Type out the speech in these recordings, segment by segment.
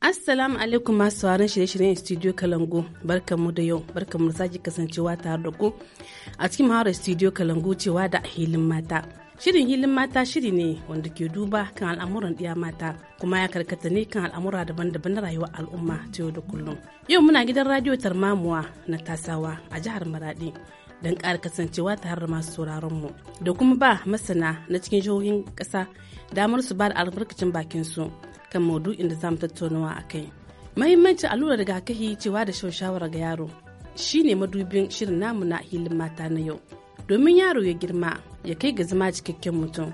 Assalamu alaikum masu sauran shirye-shiryen Studio Kalangu barkanmu da yau barkanmu sake kasancewa tare da ku a cikin mahawar Studio Kalangu cewa da hilin mata. Shirin hilin mata shiri ne wanda ke duba kan al'amuran ɗiya mata kuma ya karkata ne kan al'amura daban-daban na rayuwar al'umma ta yau da kullum. Yau muna gidan radio Tarmamuwa na Tasawa a jihar Maradi. don ƙara kasancewa tare da masu mu. da kuma ba masana na cikin jihohin ƙasa damar su ba da albarkacin bakin su kan maudu'in da za mu tattaunawa a kai. Mahimmancin allurar rigakafi cewa da shan shawara ga yaro shine madubin shirin namu na hilin mata na yau. Domin yaro ya girma ya kai ga zama cikakken mutum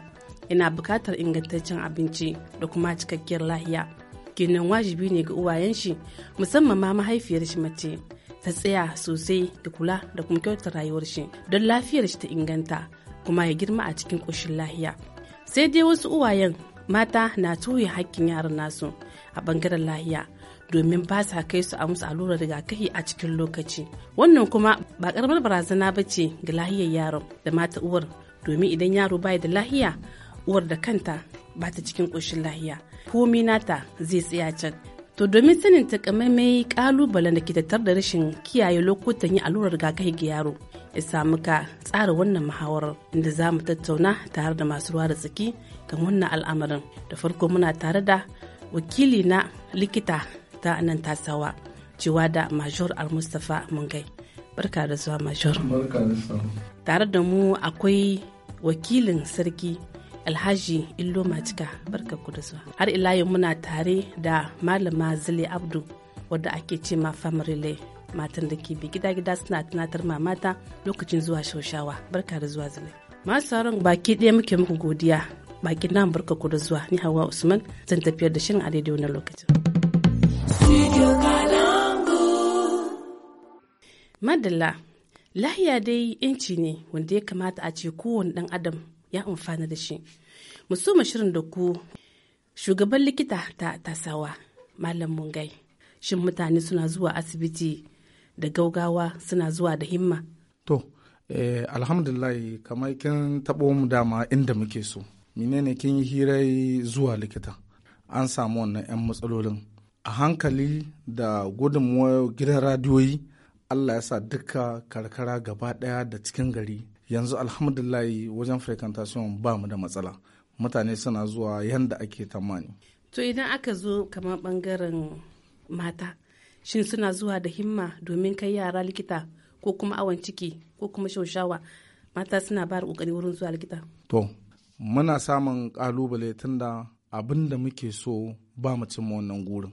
yana buƙatar ingantaccen abinci da kuma cikakkiyar lahiya. Kenan wajibi ne ga uwayen shi musamman ma mahaifiyar shi mace. ta tsaya sosai da kula da kuma kyauta rayuwar shi don lafiyar shi ta inganta kuma ya girma a cikin ƙoshin lahiya sai dai wasu uwayen mata na tuye hakkin yaran nasu a bangaren lahiya domin ba sa kai su a musu allurar rigakafi a cikin lokaci wannan kuma ba karamar barazana ba ce ga lahiyar yaron da mata uwar domin idan yaro baya da lahiya uwar da kanta ba ta cikin ƙoshin lahiya komi nata zai tsaya can To domin sanin takamaimai kalubalen da ke tattar da rashin kiyaye lokutan yi allurar rigakafi ga yaro, ya samu ka tsara wannan muhawarar inda za mu tattauna tare da masu ruwa da tsaki kan wannan al'amarin. Da farko muna tare da wakili na likita ta nan tasawa cewa da Major Al-Mustapha Mungai. Barka da zuwa Major. Tare da mu akwai wakilin sarki alhaji illo matika barka ku da zuwa har ila yau muna tare da malama zile abdu wadda ake ce ma family matan da ke bi gida-gida suna tunatar ma mata lokacin zuwa shaushawa barka da zuwa zile masu sauran baki ɗaya muke muku godiya baki na barka ku da zuwa ni hawa usman zan tafiyar da shirin a daidai wani lokacin madalla lahiya dai yanci ne wanda ya kamata a ce kowane dan adam ya amfana da shi Mu so mu shirin da ku shugaban likita ta tasawa malam mungai shin mutane suna zuwa asibiti da gaugawa suna zuwa da himma to eh, alhamdulillah kamar kin taɓo mu dama inda muke so menene kin yi hirai zuwa likita an samu wannan 'yan matsalolin a hankali da gudunmuwar gidan radiyoyi allah ya sa duka karkara gaba daya da cikin gari yanzu alhamdulillahi wajen frequentation ba mu da matsala mutane suna zuwa yanda ake tamani to idan aka zo kamar bangaren mata shin suna zuwa da himma domin kai yara likita ko kuma awon ciki ko kuma shaushawa mata suna ba kokari wurin zuwa likita to muna samun kalubale tunda abin da muke so ba mu cimma wannan gurin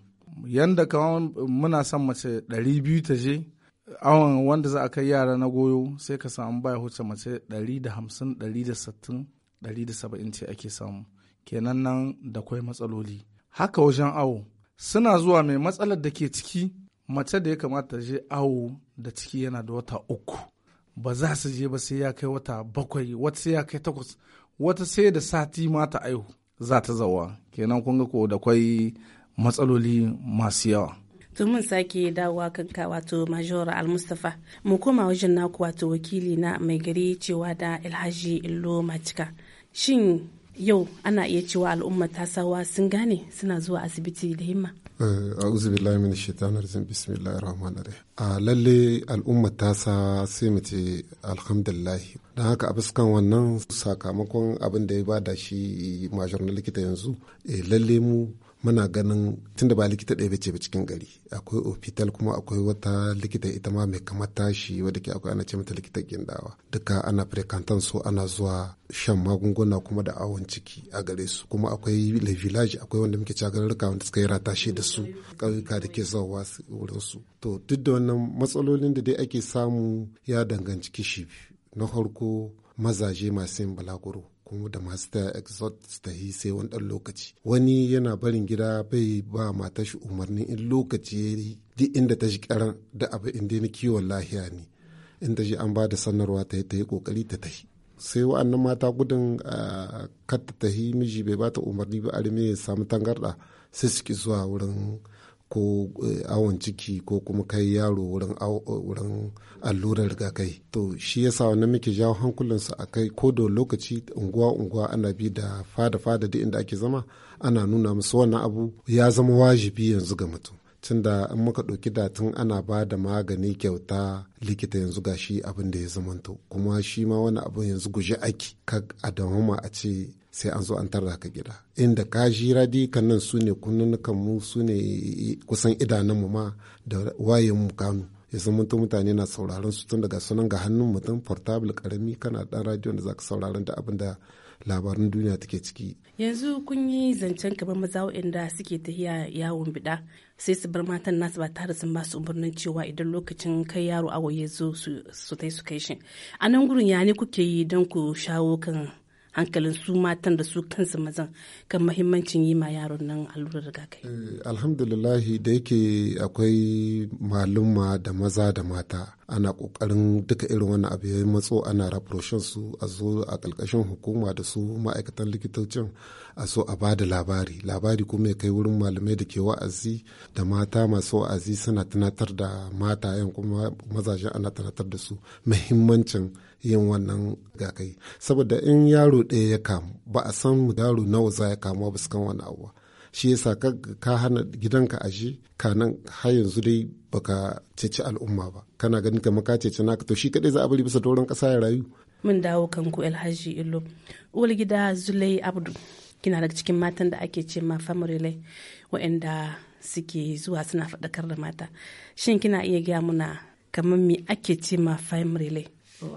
yanda kawai muna son mace 200 ta je awon wanda za a kai yara na goyo sai ka samu baya huce mace 150 160 170 ce ake samu kenan nan da kwai matsaloli haka wajen awo suna zuwa mai matsalar da ke ciki mace da ya kamata je awo da ciki yana da wata uku ba za su je ba sai ya kai wata bakwai wata sai ya kai takwas wata sai da sati ma ta aihu za ta zawa kenan kun ga ko da kwai matsaloli masu yawa to mun sake dawowa kanka wato major almustafa mu koma wajen naku wato wakili na mai gari cewa da alhaji illo macika shin yau ana iya cewa al'umma sawa sun gane suna zuwa asibiti da himma eh, a'udhu billahi minash shaitanir rajim bismillahir rahmanir rahim a lalle al'umma tasa sai mu ce alhamdulillah don haka a fuskan wannan sakamakon abin da ya bada shi major na likita yanzu eh, lalle mu muna ganin tunda ba likita ɗaya bace ba cikin gari akwai ofital kuma akwai wata likita ita ma mai kamar tashi wadda ke akwai ana ce mata likita gindawa duka ana frekantan su ana zuwa shan magunguna kuma da awon ciki a gare su kuma akwai le village akwai wanda muke rika wanda suka yi ratashe da su ƙauyuka da ke zawa wurin su to duk da wannan matsalolin da dai ake samu ya danganci kishi na farko mazaje masu yin balaguro kuma da masu ta exot ta yi sai wani ɗan lokaci wani yana barin gida bai ba mata shi umarni in lokaci ya yi duk inda ta shi karan da abu inda na kiwon lahiya ne in shi an ba da sanarwa ta yi ta yi kokari ta tahi sai wa'annan mata gudun kar ta tahi miji bai ba ta umarni ba arme ya samu tangarɗa sai suke zuwa wurin ko eh, awon ciki ko kuma kai yaro wurin eh, allurar rigakai to shi yasa wannan muke jawo hankulansu a kai ko da lokaci unguwa unguwa ana bi da fada fada duk inda ake zama ana nuna musu wannan abu ya zama wajibi yanzu ga mutum tunda in muka ɗauki datin ana ba da magani kyauta likita yanzu gashi abin da ya zamanto kuma shi ma wani abin yanzu guje aiki ka a a ce sai an zo an tara ka gida inda ka ji radikan nan su ne kunnunukan mu su ne kusan idanunmu ma da wayan mu kanu ya san mutum mutane na sauraron su tun daga sunan ga hannun mutum portable karami kana dan radio da zaka sauraron da abin da labarin duniya take ciki yanzu kun yi zancen kamar maza waɗanda suke tahiya yawon bida sai su bar matan nasu ba tare sun ba su umarnin cewa idan lokacin kai yaro awo ya zo su tai su kai shi a nan gurin ya ne kuke yi don ku shawo kan hankalin su matan da su kansu mazan kan mahimmancin yi ma yaron nan allurar rigakafi. Eh, alhamdulillahi da yake akwai maluma da maza da mata ana kokarin duka irin wannan abu ya matso ana raproshin su a zo a ƙarƙashin hukuma da su ma'aikatan likitocin a so a ba da labari labari kuma ya kai wurin malamai da ke wa'azi da mata masu wa'azi suna tunatar da mata yan kuma mazajen ana tunatar da su muhimmancin yin wannan gakai saboda in yaro ɗaya ya kamu ba a san yaro nawa za ya kamu ba su kan wani abuwa shi yasa ka hana gidanka ka nan har yanzu dai baka ceci al'umma ba kana ganin kamar ka ceci naka to shi kadai za a bari bisa doron kasa ya rayu mun dawo kan kanku alhaji illo uwar gida zulai abdu kina daga cikin matan da ake ce ma family waɗanda suke zuwa suna faɗakar da mata shin kina iya gaya muna kamar me ake ce ma family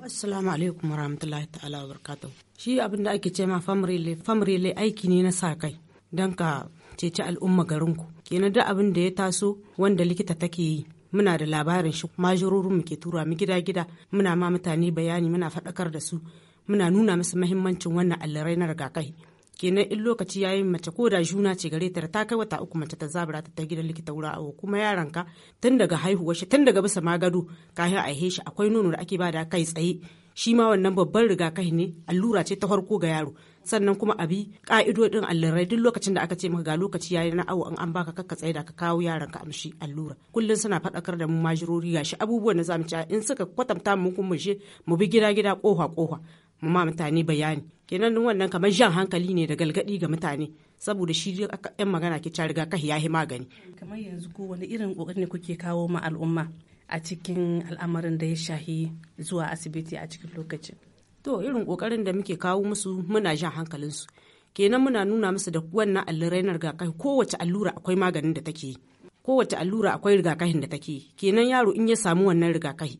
assalamu alaikum wa rahmatullahi ta'ala wa barakatuhu shi abin da ake ce ma famare family aiki ne na sa kai don ka ceci al'umma garinku kenan duk abin da ya taso wanda likita take yi muna da labarin shi majurorin mu ke tura mu gida gida muna ma mutane bayani muna faɗakar da su muna nuna musu mahimmancin wannan allurai na rigakafi kenan in lokaci yayi mace ko da juna ce gare ta ta kai wata uku mace ta zabura ta ta gidan likita wura awo kuma yaranka tun daga haihuwar shi tun daga bisa magado kafin a haihe shi akwai nono da ake bada kai tsaye shi ma wannan babban rigakafi ne allura ce ta farko ga yaro sannan kuma a bi ka'idodin allurai duk lokacin da aka ce maka ga lokaci yayi na awo an baka kakka tsaye ka kawo yaran ka amshi allura kullun suna faɗakar da mu majirori shi abubuwan da zamu ci in suka kwatanta mu mushe mu bi gida gida koha koha mu ma mutane bayani kenan wannan kamar jan hankali ne da galgadi ga mutane saboda shi yan magana ke ta riga kahi yahi magani kamar yanzu ko wani irin kokari ne kuke kawo ma al'umma a cikin al'amarin da ya shahi zuwa asibiti a cikin lokacin to irin kokarin da muke kawo musu muna jan hankalinsu kenan muna nuna musu da wannan allurai na rigakafi kowace allura akwai maganin da take yi kowace allura akwai rigakafin da take kenan yaro in ya samu wannan rigakafi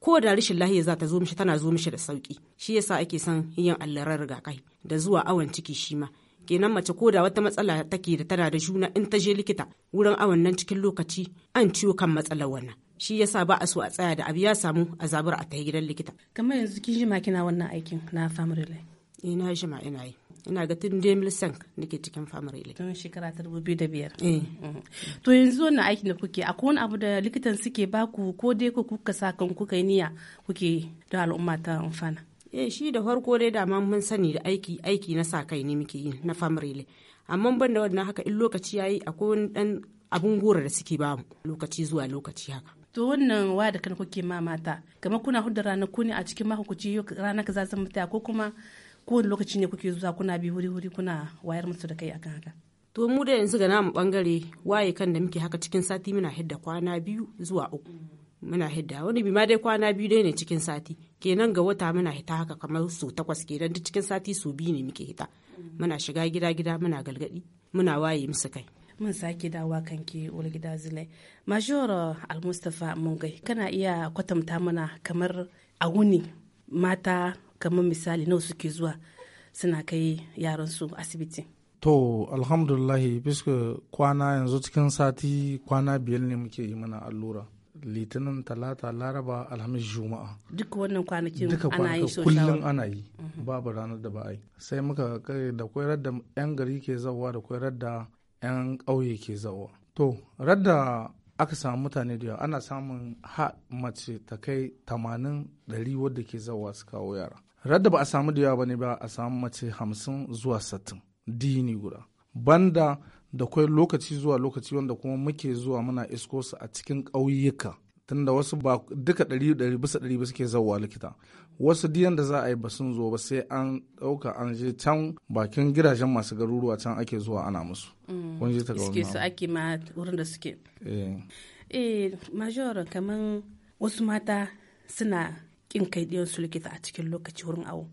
ko da rashin lahiya za ta zo mishi tana zo mishi da sauki shi yasa ake son yin allurar rigakafi da zuwa awon ciki shi ma kenan mace ko da wata matsala take da tana da juna in ta je likita wurin awon nan cikin lokaci an ciwo kan matsalar wannan shi yasa ba a so a tsaya da abu ya samu a zabura a tafi gidan likita kamar yanzu kin jima kina wannan aikin na family life ina eh, jima ina yi ina ga tun demil sank nake cikin family life tun shekara ta dubu biyu da biyar eh. mm. to yanzu wannan aikin da kuke akwai wani abu da likitan suke baku ko dai ku kuka sa kan kuka niyya kuke da al'umma ta amfana eh shi da farko dai dama mun sani da aiki aiki na sa kai ne muke yi na family life amma ban da wannan haka in lokaci yayi akwai wani dan abun gora da suke bamu lokaci zuwa lokaci haka to wannan waya da kan kuke ma mata kamar kuna hudu ranaku ne a cikin mako ku ci rana ka zasu mutaya ko kuma kowane lokaci ne kuke zuwa kuna bi wuri wuri kuna wayar musu da kai akan haka to mu da yanzu ga namu bangare waye kan da muke haka cikin sati muna hidda kwana biyu zuwa uku muna hidda wani bi ma dai kwana biyu dai ne cikin sati kenan ga wata muna hita haka kamar su takwas kenan duk cikin sati su biyu ne muke hita muna shiga gida gida muna galgadi muna waye musu kai mun sake dawa kanki ulgida zile major almustapha mungai kana iya kwatanta mana kamar a wuni mata kamar misali nawa suke zuwa suna kai yaransu asibiti to alhamdulillahi biska kwana yanzu cikin sati kwana biyar ne muke yi mana allura litinin talata laraba alhamis juma'a duk wannan kwanakin ana yi kullum ana yi mhm. babu ranar da ba a yi sai muka kai da koyar da yan gari ke zawa da koyar da 'yan ƙauye ke zawo to radda aka samu mutane da yawa ana samun ha mace ta kai tamanin ɗari wadda ke zawa su kawo yara radda ba a samu da yawa ba ne ba a samu mace hamsin zuwa satin dini guda banda da kwai lokaci zuwa lokaci wanda kuma muke zuwa muna isko su a cikin ƙauyuka tunda wasu ba duka ɗari ɗari bisa ɗari ba suke zauwa likita wasu diyan da za a yi ba sun zo ba sai an ɗauka an je can bakin gidajen masu garuruwa can ake zuwa ana musu mm. kun je ta ga wannan su ake ma wurin da suke eh, eh major kaman wasu mata suna kin kai diyan su likita a cikin lokaci wurin awo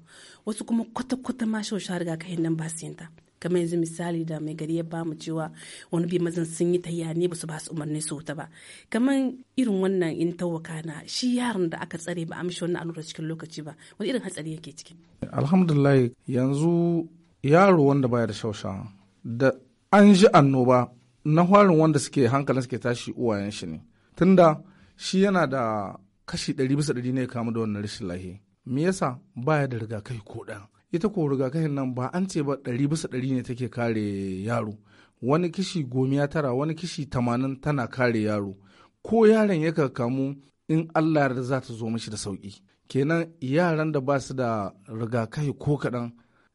wasu kuma kwata-kwata ma shawarar kai nan ba su yinta kamar yanzu misali da mai gari ya bamu cewa wani bi mazan sun yi tayya ne ba su ba su umarni su wuta ba kaman irin wannan in tawaka na shi yaron da aka tsare ba amshi wannan alura cikin lokaci ba wani irin hatsari yake ciki alhamdulillah yanzu yaro wanda baya da shaushan da an ji annoba na hwarin wanda suke hankalin suke tashi uwayen shi ne tunda shi yana da kashi ɗari bisa ɗari ne kamu da wannan rashin lahi me yasa baya da rigakafi ko ɗan ita ko rigakafin nan ba an ce ba ɗari bisa ɗari ne take kare yaro wani kishi gomiya tara wani kishi tamanin tana kare yaro ko yaron ya kamu in allah yarda za ta zo mishi da sauki kenan yaran da ba su da rigakafi ko kaɗan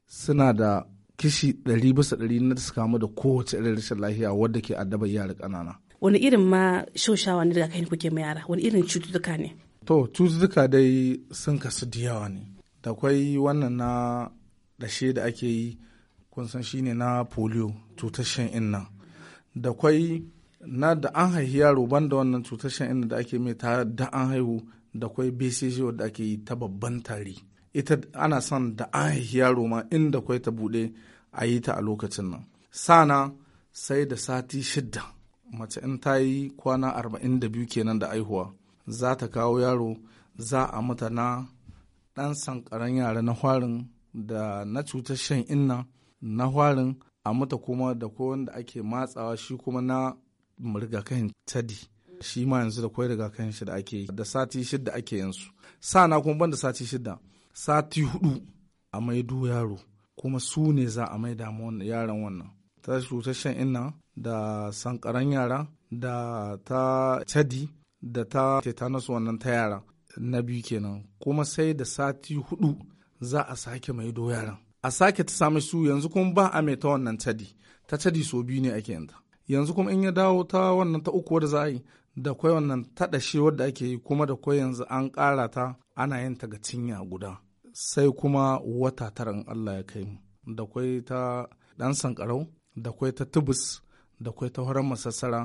suna da kishi ɗari bisa ɗari na su kamu da kowace irin rashin lafiya wadda ke addabar yara ƙanana wani irin ma shoshawa na rigakafi kuke ma yara wani irin cututtuka ne to cututtuka dai sun kasu da yawa ne da kwai wannan na dashe da ake yi kun san shine na polio cutar shan inna da kwai na da an haihi yaro da wannan cutar shan inna da ake mai ta da an haihu da kwai bcg da ake yi ta babban tari ita ana son da an haihi yaro ma inda kwai ta bude a yi ta a lokacin nan sana sai da sati shidda mace in ta yi kwana arba'in da biyu kenan da aihuwa za ta kawo yaro za a mata na ɗan sankaran yara na hwarin da na cutar shan inna na hwarin a mata kuma da ko wanda ake matsawa shi kuma na rigakafin tadi shi ma yanzu da kwai rigakafin shi da ake da sati shida ake yansu na kuma ban da sati shida sati hudu a maido yaro kuma su ne za a maida yaran wannan ta cutar shan inna da sankaran yara da ta tadi da ta tetanus wannan ta yara na biyu kenan kuma sai da sati hudu za a sake mai yaran a sake ta sami su yanzu kuma ba a mai ta wannan tadi ta tadi so biyu ne ake yanta yanzu kuma in ya dawo ta wannan ta uku wadda za a yi da kwai wannan taɗashe wadda ake yi kuma da kwai yanzu an ƙara ta ana yin ta ga cinya guda sai kuma wata tara in Allah ya kai mu da kwai ta ɗan sankarau da kwai ta tubus da kwai ta horon masassara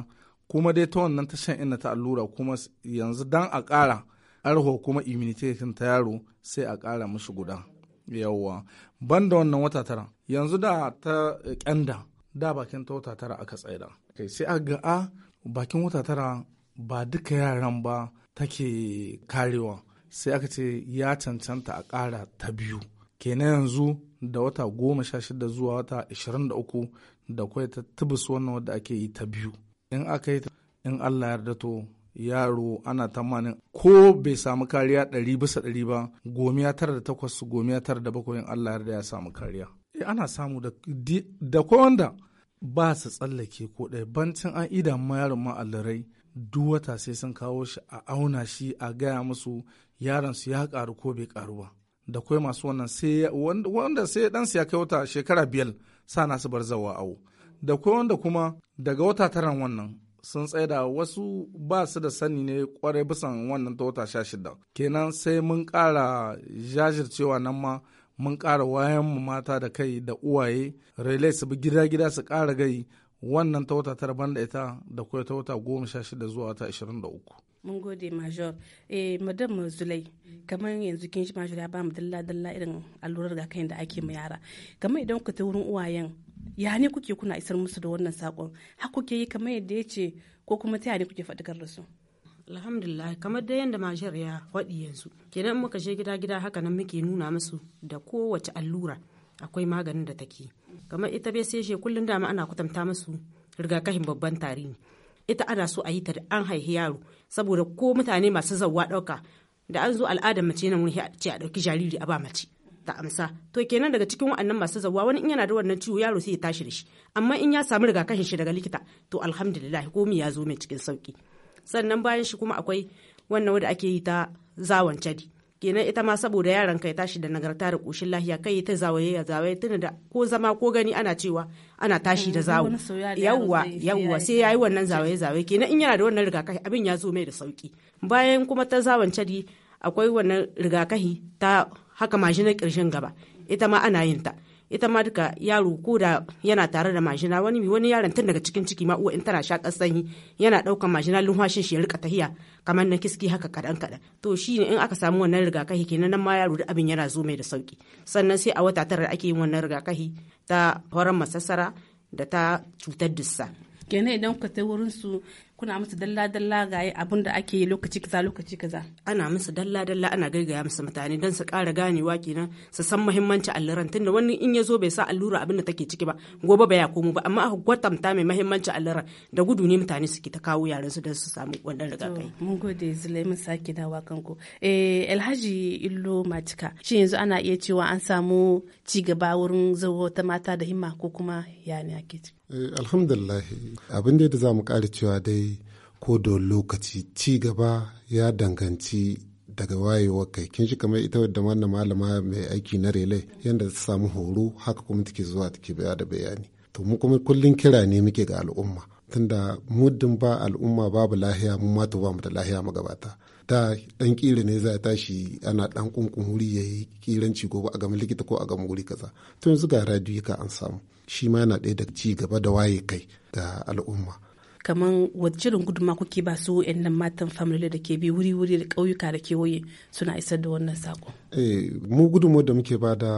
kuma dai ta wannan ta shan ina ta allura kuma yanzu dan a ƙara arho kuma immunity ta yaro sai a ƙara mashi guda yawwa da wannan wata tara yanzu da ta kyanda da bakin ta wata tara aka tsaida kai sai a ga a bakin wata tara ba duka yaran ba take karewa sai aka ce ya cancanta a ƙara ta biyu kenan yanzu da wata goma sha shida zuwa wata ashirin da uku da kwai ta tubus wannan wadda ake yi ta biyu in aka yi in allah yarda to yaro ana tamanin ko bai samu kariya ɗari bisa ɗari ba gomiya tara da takwas gomiya tara da bakwai Allah yarda ya samu kariya. E ana samu da ko wanda ba su tsallake ko ɗaya bancin an ida ma yaron ma allarai duk wata sai sun kawo shi a auna shi a gaya musu yaron su ya ƙaru ko bai ƙaru ba. Da kawai masu wannan sai wanda sai ɗansu ya kai wata shekara biyar sa su bar zawa awo. Da kawai wanda kuma daga wata tara wannan sun tsaida wasu ba su da sani ne kwarai bisan wannan ta wata sha shida kenan sai mun kara jajircewa nan ma mun kara wayan mu mata da kai da uwaye relay su bi gida-gida su kara gai wannan ta wata tara banda ita da kuma ta wata goma sha shida zuwa wata ashirin da uku mun gode major eh madam zulai kamar yanzu kin shi major ya ba mu dalla dalla irin allurar ga kayan da ake ma yara kamar idan ku ta wurin uwayen ya ne kuke kuna isar musu da wannan sakon har kuke yi kamar yadda ya ce ko kuma ta ne kuke faɗakar da su alhamdulillah kamar da yadda major ya faɗi yanzu kenan muka je gida gida haka nan muke nuna musu da kowace allura akwai maganin da take kamar ita bai sai she kullum dama ana kwatanta musu rigakafin babban tari ita ana so a yi ta da an haihi yaro saboda ko mutane masu zawa ɗauka da an zo al'adar mace nan wani ce a ɗauki jariri a ba mace ta amsa to kenan daga cikin wa'annan masu zawa wani in yana da wannan ciwo yaro sai ya tashi da shi amma in ya samu rigakafin shi daga likita to alhamdulillah komi ya zo mai cikin sauki sannan bayan shi kuma akwai wannan wanda ake yi ta zawon cadi kenan ita ma saboda yaran ka ya tashi da nagarta da koshin lahiya kai ta zawaye ya zawaye tuna da ko zama ko gani ana cewa ana tashi da eh, zawo yawwa yawwa sai yayi wannan zawaye zawaye kenan in yana da wannan rigakafi abin ya zo mai da sauki bayan kuma ta zawon cadi akwai wannan rigakafi ta haka mashi na kirshin gaba ita ma ana yin ta ita ma duka yaro ko da yana tare da majina wani wani yaron tun daga cikin ciki ma uwa in tana shakar sanyi yana ɗaukan majina lumhashin shi ya rika tahiya kamar na kiski haka kaɗan kadan to shi in aka samu wannan rigakafi kenan nan ma yaro da abin yana zo mai da sauki sannan sai a wata tara ake yin wannan rigakafi ta horon masassara da ta cutar dussa kenan idan ka ta wurin su kuna musu dalla-dalla ga abin da ake lokaci kaza lokaci kaza ana musu dalla-dalla ana gargaya musu mutane don su ƙara ganewa kenan su san muhimmanci alluran da wani in ya zo bai sa allura abin da take ciki ba gobe ba ya komo ba amma aka kwatanta mai muhimmanci alluran da gudu ne mutane suke ta kawo yaran su don su samu wannan rigakafi mun gode zulaimin sake dawa kanku eh alhaji illo matika shi yanzu ana iya cewa an samu cigaba wurin zawo ta mata da himma ko kuma yana ke ciki Eh, alhamdulahi abin da za mu ƙara cewa dai ko da lokaci ci gaba ya danganci daga wayewar kai kin shi kamar ita wadda wannan malama mai aiki na relay yadda ta samu horo haka kuma take zuwa take baya da bayani to mu kuma kullun kira ne muke ga al'umma tunda muddin ba al'umma babu lahiya mu ma to ba mu da lahiya mu gabata da dan kira ne za tashi ana dan kunkun wuri yayi kiranci gobe a ga likita ko a ga wuri kaza to yanzu ga radio ka an samu shi ma yana ɗaya da ci gaba da waye kai da al'umma kamar wajirin guduma kuke ba su yan nan matan family da ke bi wuri-wuri da ƙauyuka da kewaye suna isar da wannan sako. Eh, mu gudunmu da muke ba da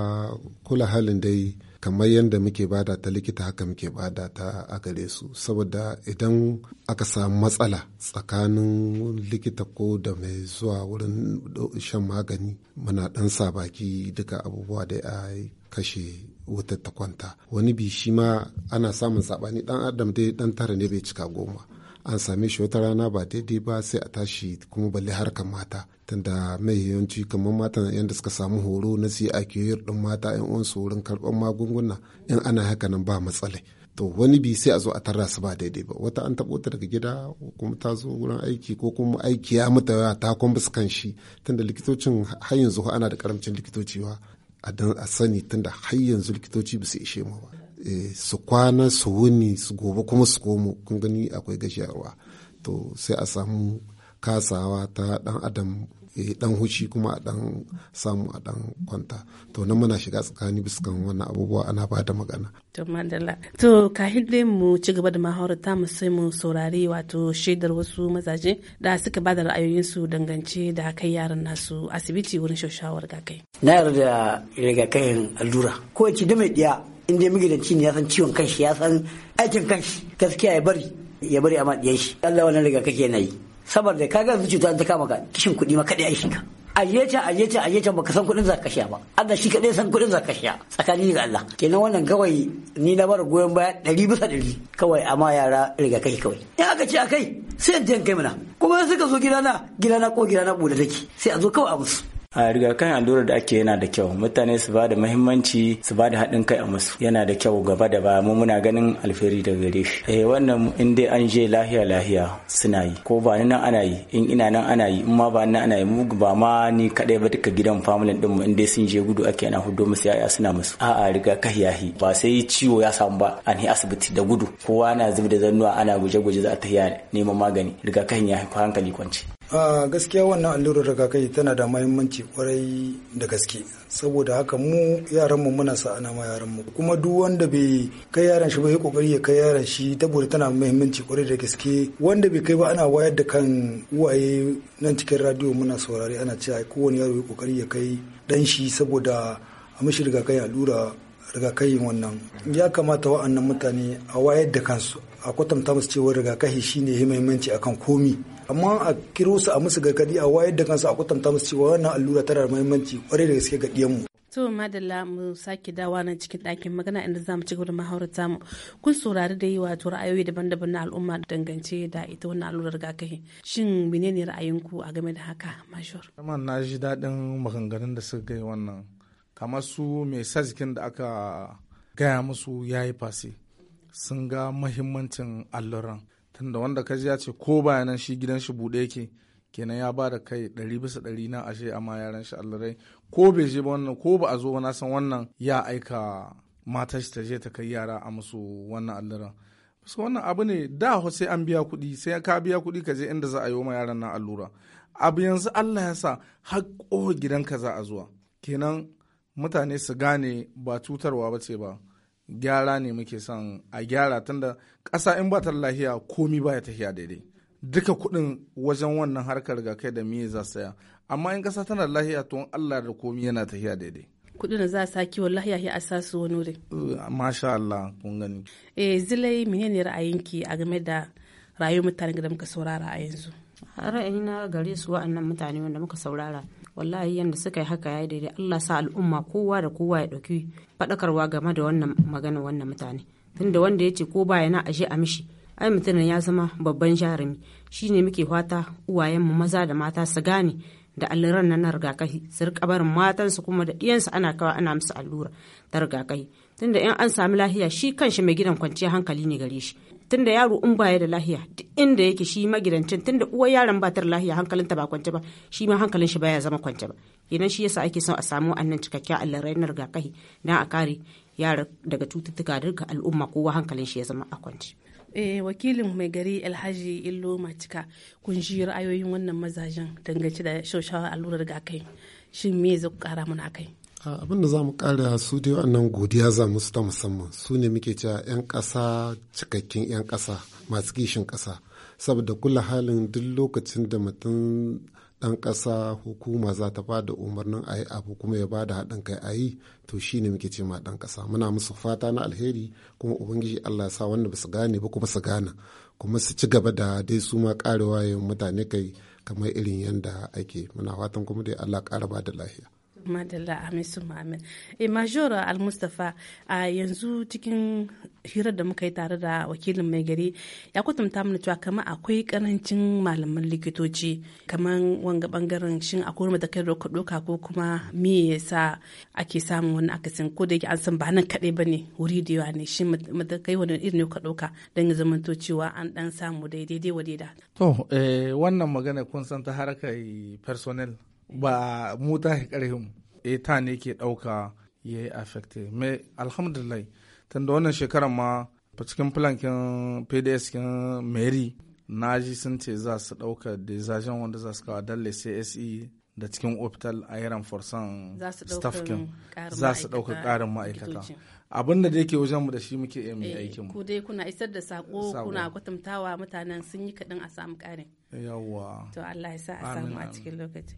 kula halin dai kamar yadda muke ba da ta likita haka muke ba da ta a gare su saboda idan aka samu matsala tsakanin likita ko da mai zuwa wurin shan magani muna ɗan sa baki duka abubuwa da ya kashe wutar ta kwanta wani bi shi ma ana samun sabani ɗan adam dai dan tara ne bai cika goma an same shi wata rana ba daidai ba sai a tashi kuma balle harkar mata tunda mai yawanci kamar matan yadda suka samu horo na siya ake yi ɗin mata yan uwansu wurin karɓar magunguna in ana haka nan ba matsala to wani bi sai a zo a tarra su ba daidai ba wata an taɓo ta daga gida kuma ta zo wurin aiki ko kuma aiki ya mata ta kwambus kan shi tunda likitocin har yanzu ana da karamcin likitoci a sani tunda har yanzu likitoci ba su ishe mu ba eh, su kwana su wuni su gobe kuma su komo kun gani akwai gajiyarwa to sai a samu kasawa ta dan adam Eh, dan hushi kuma a dan samu a dan kwanta to nan muna shiga tsakani biskan wannan abubuwa ana ba da magana to madalla to ka hidde mu ci gaba da mahaurata mu sai mu saurari wato shaidar wasu mazaje da suka ba da ra'ayoyinsu dangance da kai yaran nasu asibiti wurin shawarar kai na yarda rigakafin allura ko ci da mai diya in dai migidanci ne ya san ciwon kanshi ya san aikin kanshi gaskiya ya bari ya bari amma maɗiyan shi Allah wani rigakafi yana yi saboda ka ga cuta ta kama ka kishin kuɗi ma kaɗai aiki ka ayyata ayyata ayyata baka san kuɗin zaka sha ba Allah shi kaɗai san kuɗin zaka sha tsakani da Allah kenan wannan kawai ni na bar goyon baya ɗari bisa ɗari kawai amma yara riga kai kawai in aka ce akai sai in kai mana kuma suka zo gidana gidana ko gidana bude take sai a zo kawai a musu a rigakafin allurar da ake yana da kyau mutane su ba da muhimmanci su ba da haɗin kai a musu yana da kyau gaba da ba mu muna ganin alferi da gare shi eh wannan in dai an je lahiya lahiya suna yi ko ba ni nan ana yi in ina nan ana yi in ma ba ni nan ana yi mu ba ma ni kadai ba duka gidan family din mu in dai sun je gudu ake ana hudo musu yaya suna musu a'a rigakafi yahi ba sai ciwo ya samu ba an yi asibiti da gudu kowa na zubi da zannuwa ana guje-guje za ta neman magani rigakafin ya hankali kwance. a gaskiya wannan allurar rigakafi tana da mahimmanci kwarai da gaske saboda haka mu yaran mu muna sa sa'ana ma mu kuma duk wanda bai kai yaran shi ba ya kokari ya kai yaran shi saboda tana mahimmanci kwarai da gaske wanda bai kai ba ana wayar da kan uwaye nan cikin radio muna saurari ana cewa kowane yaro ya kokari ya kai dan shi saboda a mishi rigakafi allura rigakafi wannan ya kamata wa'annan mutane a wayar da kansu a kwatanta musu cewa rigakafi shine muhimmanci akan komi amma a kiro su a musu gargadi a wayar da kansu a kwatanta musu cewa wannan allura tana da muhimmanci kwarai da gaske ga diyanmu to madalla mu sake dawa nan cikin ɗakin magana inda za mu ci gaba da mahaurata mu kun saurari da yi wato ra'ayoyi daban-daban na al'umma dangance da ita wannan allurar rigakafi shin menene ra'ayinku a game da haka mashur kamar na ji daɗin maganganun da suka gai wannan kamar su mai sa jikin da aka gaya musu ya yi fasi sun ga mahimmancin alluran tunda wanda ka ji ya ce ko bayanan shi gidan shi buɗe yake kenan ya ba da kai ɗari bisa ɗari na ashe amma yaran shi allurai. ko bai je ba wannan ko ba a zo na san wannan ya aika matar shi ta je ta kai yara a musu wannan allurar. su wannan abu ne da sai an biya kuɗi sai ka biya kuɗi ka je inda za a yi wa yaran na allura abu yanzu Allah ya sa har gidanka za a zuwa kenan mutane su gane ba cutarwa ba ce ba gyara ne muke son a gyara tunda ƙasa in ba ta lahiya komi ba ya tafiya daidai duka kuɗin wajen wannan harkar ga kai da miye za saya amma in ƙasa tana lahiya to Allah da komi yana tafiya daidai kuɗin da za a saki ya a sa su wani wuri eh, masha Allah kun gani eh zilai menene ra'ayinki a game da rayuwar mutane da muka saurara a yanzu ra'ayina gare su wa'annan mutane wanda muka saurara wallahi yadda suka yi haka yi daidai Allah sa al'umma kowa da kowa ya ɗauki faɗakarwa game da wannan magana wannan mutane tunda wanda ya ce ko ba yana ashe a mishi ai mutum ya zama babban jarumi ne muke fata uwayenmu maza da mata su gane da alluran na rigakafi su rika barin matansu kuma da ɗiyansu ana kawa ana musu allura ta rigakafi tunda in an sami lahiya shi kanshi mai gidan kwanciya hankali ne gare shi tunda yaro in baya da lahiya inda yake shi magidancin tunda uwa yaron ba ta da lahiya ta ba kwance ba shi ma hankalin shi baya zama kwance ba kenan shi yasa ake son a samu annan cikakken allurai na rigakafi na a kare yara daga cututtuka daga al'umma kowa hankalin shi ya zama a kwance eh wakilin mai gari alhaji illo macika kun ji ra'ayoyin wannan mazajen dangace da shawarar allurar rigakafi shin me zai kara mana akai. abin da za mu kara su dai wannan godiya za musu ta musamman su ne muke cewa 'yan ƙasa cikakkin 'yan ƙasa masu kishin ƙasa saboda kula halin duk lokacin da mutum ɗan ƙasa hukuma za ta ba da umarnin a yi abu kuma ya ba da haɗin kai a yi to shi ne muke ce ma ɗan ƙasa muna musu fata na alheri kuma ubangiji allah sa wanda ba su gane ba kuma su gane kuma su ci gaba da dai su ma ƙarewa mutane kai kamar irin yadda ake muna fatan kuma dai allah ƙara ba da lahiya madalla amisu mamin e eh, major al-mustafa a yanzu cikin hirar da muka yi tare da wakilin mai gari ya kwatanta mana cewa kama akwai karancin malaman likitoci kamar wanga bangaren shin akwai matakai da doka ko kuma me yasa ake samun wani akasin ko da yake an san ba nan kaɗai ba ne wuri da yawa ne shin matakai wani irin ne ka doka don ya zamanto cewa an dan samu daidai daidai wadai da. to eh, wannan magana kun san ta harkar personnel ba mu ta ƙarfin eh, ta ne ke ɗauka ya yi affecte me alhamdulillah tun da wannan shekarar ma cikin filankin pds kin mary na ji sun ce za su ɗauka zajen wanda za su kawo dalle cse da cikin opital a yaran forsan stafkin za su ɗauka ƙarin ma'aikata abin da wajen mu da shi muke iya mai eh, aikin ku dai kuna isar da sako kuna kwatantawa mutanen sun yi kaɗan a samu ƙarin yawwa to Allah ya sa a samu a cikin lokaci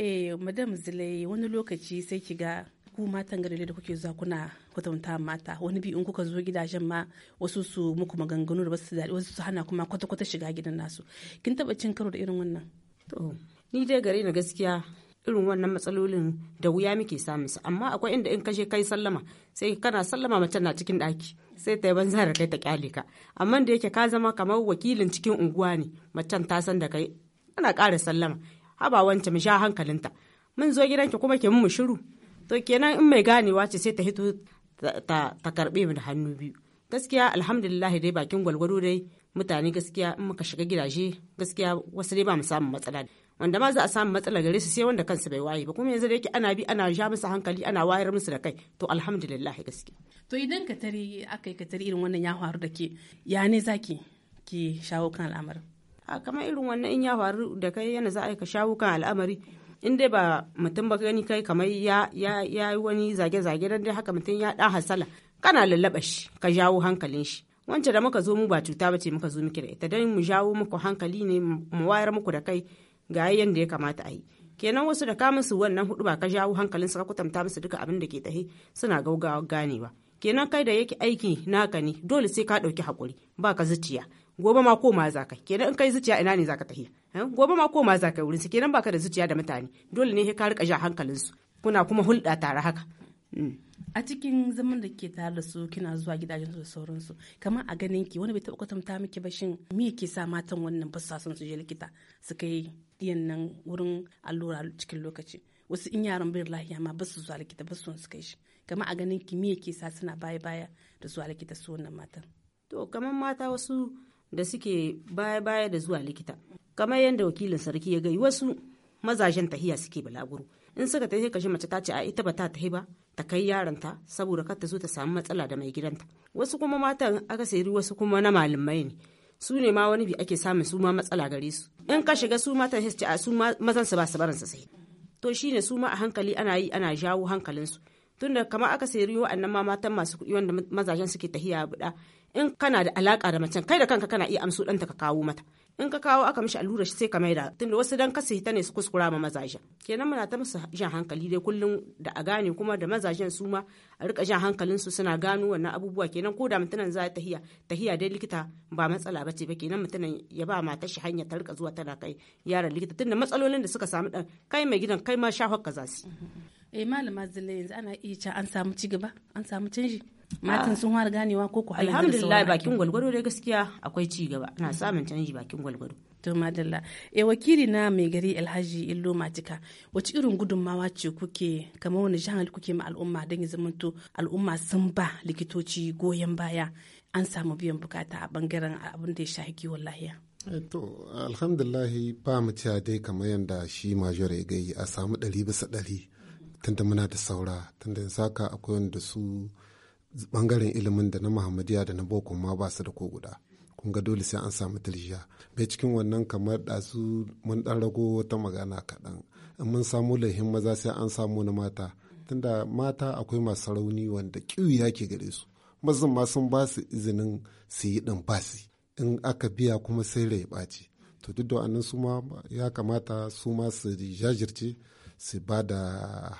eh madam zilai wani lokaci sai ki ga ku matan gari da kuke zuwa kuna kwatanta mata wani bi in kuka zo gidajen ma wasu su muku maganganu da basu dadi wasu su hana kuma kwata-kwata shiga gidan nasu kin taba cin karo da irin wannan to ni dai gare ni gaskiya irin wannan matsalolin da wuya muke samun su amma akwai inda in kashe kai sallama sai kana sallama mace na cikin daki sai ta banza da kai ta kyale ka amma da yake ka zama kamar wakilin cikin unguwa ne mace ta san da kai ana ƙara sallama haba wancan mu sha hankalinta mun zo gidanki kuma ke mu shiru to kenan in mai ganewa ce sai ta hito ta karbe mu da hannu biyu gaskiya alhamdulillah dai bakin gwalgwado dai mutane gaskiya in muka shiga gidaje gaskiya wasu dai ba mu samu matsala wanda ma za a samu matsala gare su sai wanda kansu bai waye ba kuma yanzu da ana bi ana sha musu hankali ana wayar musu da kai to alhamdulillah gaskiya to idan ka tare aka yi ka tare irin wannan ya faru da ke ya ne zaki ki shawo kan al'amarin a kamar irin wannan in ya faru da kai yana za a yi ka shawo kan al'amari in dai ba mutum ba gani kai kamar ya yi wani zage-zage dan dai haka mutum ya dan hasala kana lallaba shi ka jawo hankalin shi wancan da muka zo mu ba cuta bace muka zo miki da ita dan mu jawo muku hankali ne mu wayar muku da kai ga yanda ya kamata a yi kenan wasu da ka musu wannan hudu ba ka jawo hankalin su ka kutamta musu duka abin da ke tahe suna gaugawa ganewa kenan kai da yake aiki naka ne dole sai ka ɗauki hakuri ba ka zuciya gobe ma koma za ka kenan in kai zuciya ina ne za ka tafi eh? gobe ma koma za ka wurin su kenan baka da zuciya da mutane dole ne ka rika ja hankalin su kuna kuma hulɗa tare haka hmm. a cikin zaman da ke tare da su kina zuwa gidajen su da sauransu kamar a ganin ki wani bai taɓa kwatanta miki ba shin me yake sa matan wannan ba su je likita su kai diyan nan wurin allura cikin lokaci wasu in yaran bai lahiya ma ba su zuwa likita ba su kai shi kamar a ganin ki me yake sa suna baya baya da zuwa likita su wannan matan to kamar mata wasu da suke baya-baya da zuwa likita kamar yadda wakilin sarki ya gai wasu mazajen tahiya suke balaguro in suka sai kashe mace ta ce a ita ba ta tahi ba ta kai yaronta saboda kar ta zo ta samu matsala da mai gidanta wasu kuma matan aka sayi wasu kuma na malamai ne su ne ma wani bi ake samun su ma matsala gare su in ka shiga su matan ce a su mazan su ba su barin sai to shine su ma a hankali ana yi ana jawo hankalinsu tunda kamar aka sayi wa'annan ma matan masu kuɗi wanda mazajen suke tahiya buɗa in kana da alaka da macen kai da kanka kana iya amsu ɗanta ka kawo mata in ka kawo aka mishi allura shi sai ka maida tunda wasu dan kasa ta ne su kuskura ma mazajen kenan muna ta musu jan hankali dai kullum da a gane kuma da mazajen su ma a rika jan hankalin su suna gano wannan abubuwa kenan ko da mutunan za ta hiya hiya dai likita ba matsala ba ce ba kenan mutunan ya ba mata shi hanya ta rika zuwa tana kai yaran likita tunda matsalolin da suka samu dan kai mai gidan kai ma shafar ka za su eh malama yanzu ana iya an samu cigaba an samu canji matan sun fara ganewa ko ku alhamdulillah bakin gwalgwado dai gaskiya akwai ci gaba ana samun canji bakin gwalgwado to madalla eh wakili na mai gari alhaji illo matika wace irin gudunmawa ce kuke kamar wani jihar kuke ma al'umma don ya zamanto al'umma sun ba likitoci goyon baya an samu biyan bukata a bangaren abin da ya shafi kiwon lahiya eh, to alhamdulillah ba mu cewa dai kamar yadda shi major ya gayi a samu ɗari bisa ɗari tunda muna da saura tunda saka akwai wanda su bangaren ilimin da na Muhammadiyya da na boko ma ba su da ko guda kun ga dole sai an samu tirjiya bai cikin wannan kamar ɗazu mun ɗan rago wata magana kaɗan in mun samu lahin maza sai an samu na mata tunda mata akwai masu rauni wanda ya ke gare su mazan ma sun ba su izinin su yi ɗin basi in aka biya kuma sai rai ɓaci to duk da wannan su ma ya kamata su ma su jajirce su ba da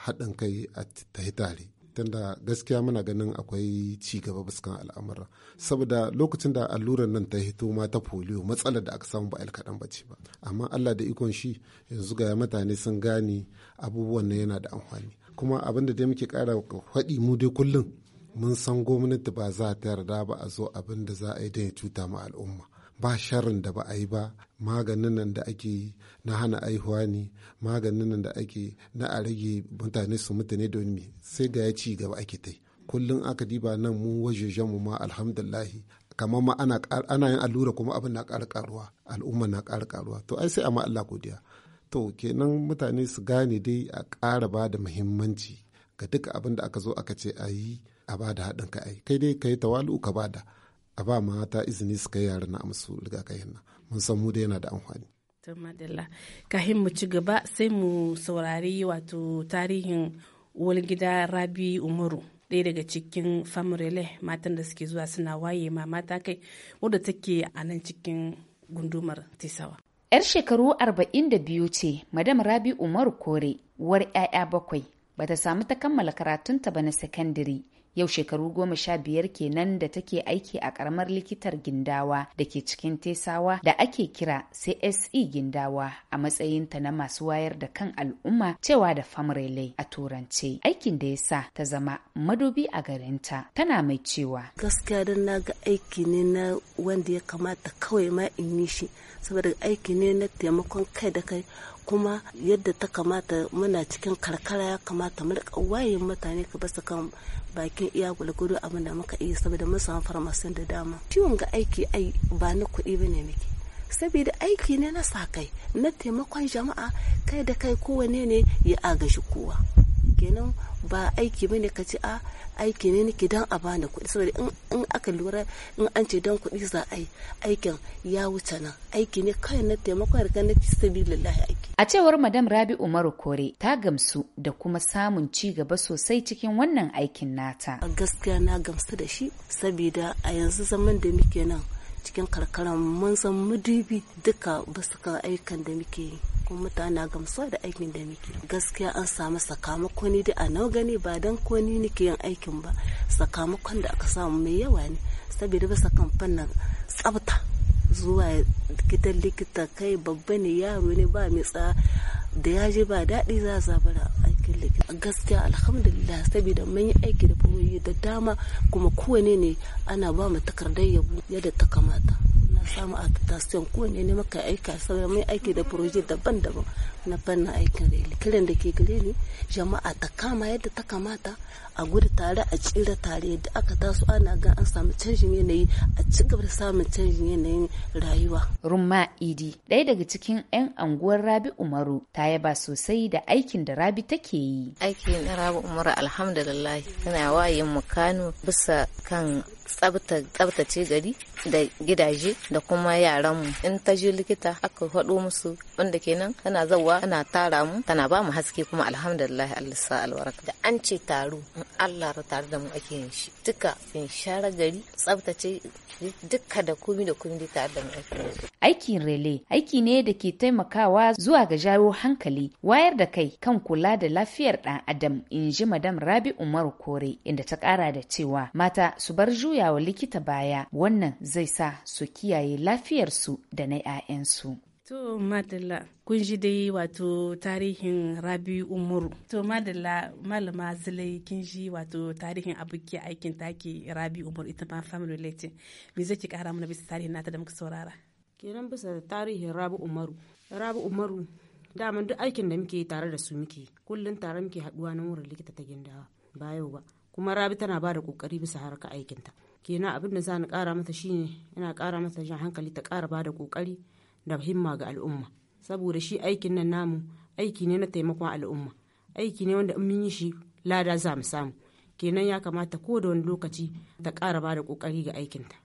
haɗin kai a tahi tare tunda gaskiya muna ganin akwai ci gaba fuskan al'amura saboda lokacin da allurar nan ta hito ma ta polio matsalar da aka samu ba kaɗan ba ba amma allah da ikon shi yanzu ga mutane sun gane abubuwan nan yana da amfani kuma abin da dai muke ƙara faɗi mu dai kullum mun san gwamnati ba za ta yarda ba a zo abin da za a yi da ya cuta ma al'umma ba sharrin da ba a yi ba maganin nan da ake yi na hana aihuwa ne maganin nan da ake na a rage mutane su mutane don me sai ga ya ci gaba ake ta kullum aka diba nan mu wajejen mu ma alhamdulahi kamar ma ana, yin allura kuma abin na ƙara ƙaruwa al'umma na ƙara ƙaruwa to ai sai a ma Allah godiya to kenan mutane su gane dai a ƙara ba da muhimmanci ga duka abin da aka zo aka ce a yi a ba da haɗin ka ai kai dai ka yi tawalu ka ba da a ba mata izini su kai yaran na amsu rigakafin nan mun san mu da yana da amfani to madalla kahin mu ci gaba sai mu saurari wato tarihin uwar gida rabi umaru ɗaya daga cikin famurele matan da suke zuwa suna waye ma mata kai wadda take a nan cikin gundumar tisawa yar shekaru arba'in da biyu ce madam rabi umaru kore war 'ya'ya bakwai bata samu ta kammala karatunta ba na sakandare yau shekaru goma sha biyar kenan da take aiki a karamar likitar gindawa da ke cikin tesawa da ake kira CSE gindawa a matsayinta na masu wayar da kan al'umma cewa da famrele a turance aikin da ya sa ta zama madubi a garinta tana mai cewa gaskiya don na ga aiki ne na wanda ya kamata kawai ma in yi shi saboda aiki ne na taimakon kai da kai kuma yadda ta kamata muna cikin karkara ya kamata mu waye mutane ka basu kan bakin bakin iya gulgudu abin da muka iya saboda mun samu farmasin da dama ciwon ga aiki ai ba na kuɗi ba ne muke saboda aiki ne na sa kai na taimakon jama'a kai da kai kowane ne ya agashi kowa kenan ba aiki ne ka ce a aiki ne nake dan a bani kuɗi saboda in aka lura in an ce dan kuɗi za a yi aikin ya wuce nan aiki ne kawai na taimakon riga na fi sabilillahi aiki a cewar madam rabi umaru kore ta gamsu da kuma samun ci gaba sosai cikin wannan aikin nata a gaskiya na gamsu da shi saboda a yanzu zaman da muke nan cikin karkara mun san madubi duka basu ka ayyukan da muke yi kuma mutane na gamsuwa da aikin da muke gaskiya an samu sakamako ni da a gani ba dan ko ni nake yin aikin ba sakamakon da aka samu mai yawa ne saboda basa kan fannin tsabta zuwa gidan likita kai babba ne yaro ne ba mai tsa da ya je ba daɗi za a zabara aikin likita gaskiya alhamdulillah saboda mun yi aiki da furoyi da dama kuma kowane ne ana ba mu takardar yabo yadda ta kamata na samu attestation kowane ne maka aika saboda mun aiki da furoyi daban-daban na fannin aikin reli kiran da ke gare ni jama'a ta kama yadda ta kamata a gudu tare a tsira tare yadda aka taso ana ga an samu canjin yanayi a ci gaba da samun canjin yanayin rayuwa. Rumma Idi ɗaya daga cikin 'yan anguwar Rabi Umaru ta yaba sosai da aikin da Rabi take yi. Aikin Rabi Umaru alhamdulillah tana wayin mu Kano bisa kan tsabtace gari da gidaje da kuma yaranmu in ta je likita aka haɗo musu wanda kenan tana zawa tana tara mu tana ba mu haske kuma alhamdulillah Allah sa albaraka da an ce taro in Allah ta tare da mu ake yin shi duka in share gari tsaftace duka da komi da komi tare da mu ake yin shi aikin rele aiki ne da ke taimakawa zuwa ga jawo hankali wayar da kai kan kula da lafiyar ɗan adam in ji madam rabi umar kore inda ta kara da cewa mata su bar juyawa likita baya wannan zai sa su kiyaye lafiyarsu da na 'ya'yansu To Madalla, kun ji dai wato tarihin Rabi Umaru. To Madalla, Malama zilai kin ji wato tarihin abuki aikin taki Rabi Umaru ita ma family relating. Me zai ki kara mana bisa tarihin nata da muka saurara? Kenan bisa tarihin Rabi Umaru. Rabi Umaru daman duk aikin da muke tare da su muke kullum tare muke haduwa na wurin likita ta gindawa ba yau ba kuma rabi tana ba da kokari bisa harka aikinta kenan abin da za ni kara mata shine ina kara mata jan hankali ta kara ba da kokari da himma ga al'umma saboda shi aikin nan namu aiki ne na taimakon al'umma aiki ne wanda in mun yi shi lada za mu samu kenan ya kamata ko da wani lokaci ta ƙara ba da ƙoƙari ga aikinta